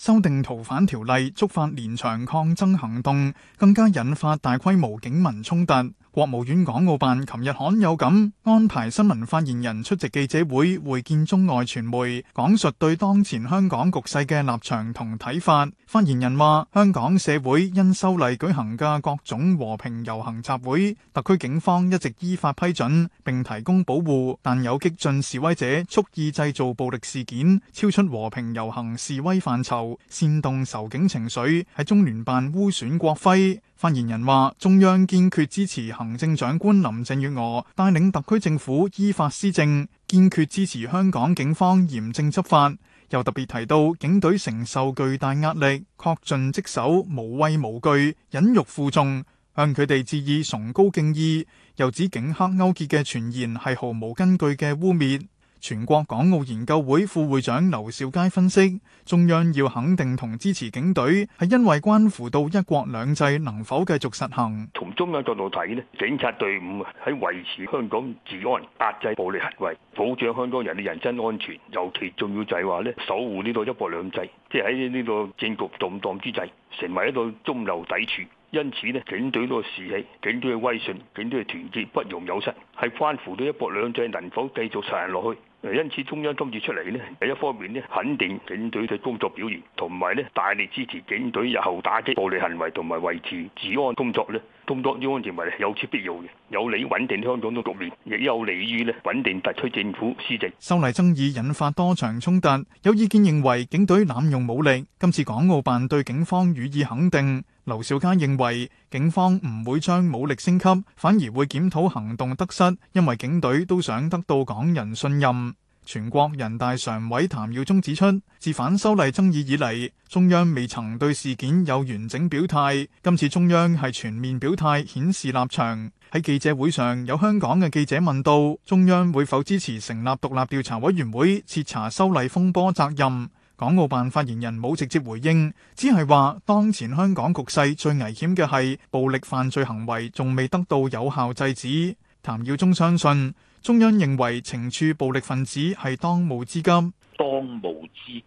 修訂逃犯條例，觸發連場抗爭行動，更加引發大規模警民衝突。國務院港澳辦琴日罕有咁安排新聞發言人出席記者會，會見中外傳媒，講述對當前香港局勢嘅立場同睇法。發言人話：香港社會因修例舉行嘅各種和平遊行集會，特區警方一直依法批准並提供保護，但有激進示威者蓄意製造暴力事件，超出和平遊行示威範疇，煽動仇警情緒，喺中聯辦污損國徽。發言人話：中央堅決支持行政長官林鄭月娥帶領特區政府依法施政，堅決支持香港警方嚴正執法。又特別提到警隊承受巨大壓力，恪盡職守，無畏無懼，忍辱負重，向佢哋致以崇高敬意。又指警黑勾結嘅傳言係毫無根據嘅污衊。全國港澳研究會副會長劉兆佳分析：中央要肯定同支持警隊，係因為關乎到一國兩制能否繼續實行。從中央角度睇呢，警察隊伍喺維持香港治安、壓制暴力行為、保障香港人嘅人身安全，尤其重要就係話呢：「守護呢個一國兩制，即係喺呢個政局動盪之際，成為一個中流砥柱。」因此呢，警隊個士氣、警隊嘅威信、警隊嘅團結不容有失，係關乎到一國兩制能否繼續實行落去。因此，中央今次出嚟呢，一方面呢，肯定警隊嘅工作表現，同埋呢大力支持警隊日後打擊暴力行為同埋維持治安工作呢，中央認為係有此必要嘅，有利穩定香港嘅局面，亦有利於呢穩定特區政府施政。修例爭議引發多場衝突，有意見認為警隊濫用武力，今次港澳辦對警方予以肯定。劉兆佳認為警方唔會將武力升級，反而會檢討行動得失，因為警隊都想得到港人信任。全國人大常委譚耀宗指出，自反修例爭議以嚟，中央未曾對事件有完整表態，今次中央係全面表態，顯示立場。喺記者會上，有香港嘅記者問到，中央會否支持成立獨立調查委員會，徹查修例風波責任？港澳辦發言人冇直接回應，只係話當前香港局勢最危險嘅係暴力犯罪行為，仲未得到有效制止。譚耀宗相信中央認為懲處暴力分子係當務之急。當務之急，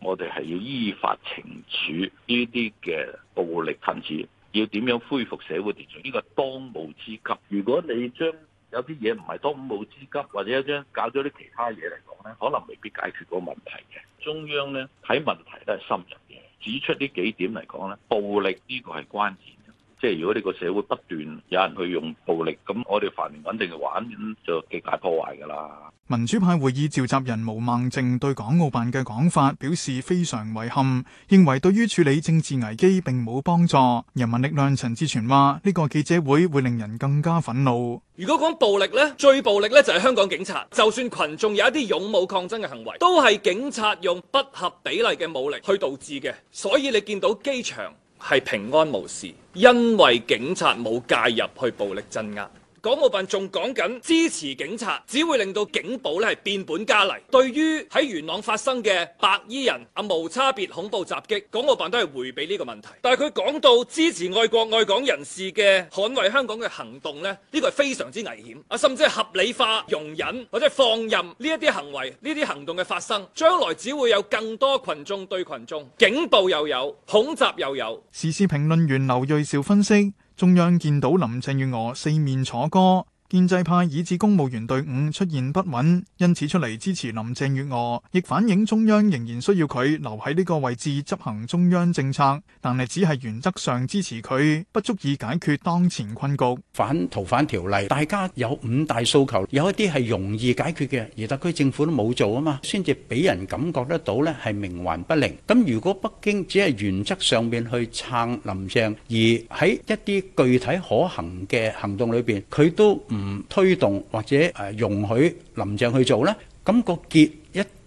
我哋係要依法懲處呢啲嘅暴力分子，要點樣恢復社會秩序？呢個當務之急。如果你將有啲嘢唔係當務之急，或者將搞咗啲其他嘢嚟講咧，可能未必解決個問題嘅。中央咧睇問題都係深入嘅，指出呢幾點嚟講咧，暴力呢個係關鍵。即係如果你個社會不斷有人去用暴力，咁我哋繁榮穩定嘅環境就極大破壞噶啦。民主派會議召集人毛孟靜對港澳辦嘅講法表示非常遺憾，認為對於處理政治危機並冇幫助。人民力量陳志全話：呢、這個記者會會令人更加憤怒。如果講暴力呢，最暴力呢就係香港警察。就算群眾有一啲勇武抗爭嘅行為，都係警察用不合比例嘅武力去導致嘅。所以你見到機場係平安無事，因為警察冇介入去暴力鎮壓。港澳辦仲講緊支持警察，只會令到警暴咧變本加厲。對於喺元朗發生嘅白衣人啊無差別恐怖襲擊，港澳辦都係回避呢個問題。但係佢講到支持愛國愛港人士嘅捍衛香港嘅行動咧，呢個係非常之危險啊！甚至係合理化、容忍或者放任呢一啲行為、呢啲行動嘅發生，將來只會有更多群眾對群眾。警暴又有恐襲又有。時事評論員劉銳紹分析。中央見到林鄭月娥四面楚歌。建制派以至公務員隊伍出現不穩，因此出嚟支持林鄭月娥，亦反映中央仍然需要佢留喺呢個位置執行中央政策，但係只係原則上支持佢，不足以解決當前困局。反逃犯條例，大家有五大訴求，有一啲係容易解決嘅，而特區政府都冇做啊嘛，先至俾人感覺得到呢係冥頑不靈。咁如果北京只係原則上面去撐林鄭，而喺一啲具體可行嘅行動裏邊，佢都唔。唔推動或者誒容許林鄭去做咧，咁個結。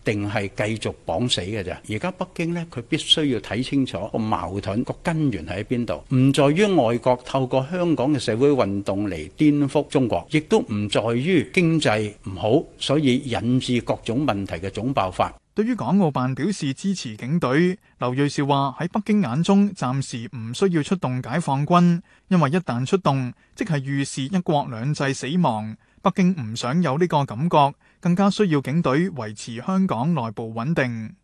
定係繼續綁死嘅啫。而家北京呢，佢必須要睇清楚個矛盾個根源喺邊度，唔在於外國透過香港嘅社會運動嚟顛覆中國，亦都唔在於經濟唔好，所以引致各種問題嘅總爆發。對於港澳辦表示支持警隊，劉兆佳話喺北京眼中，暫時唔需要出動解放軍，因為一旦出動，即係預示一國兩制死亡。北京唔想有呢個感覺。更加需要警隊維持香港內部穩定。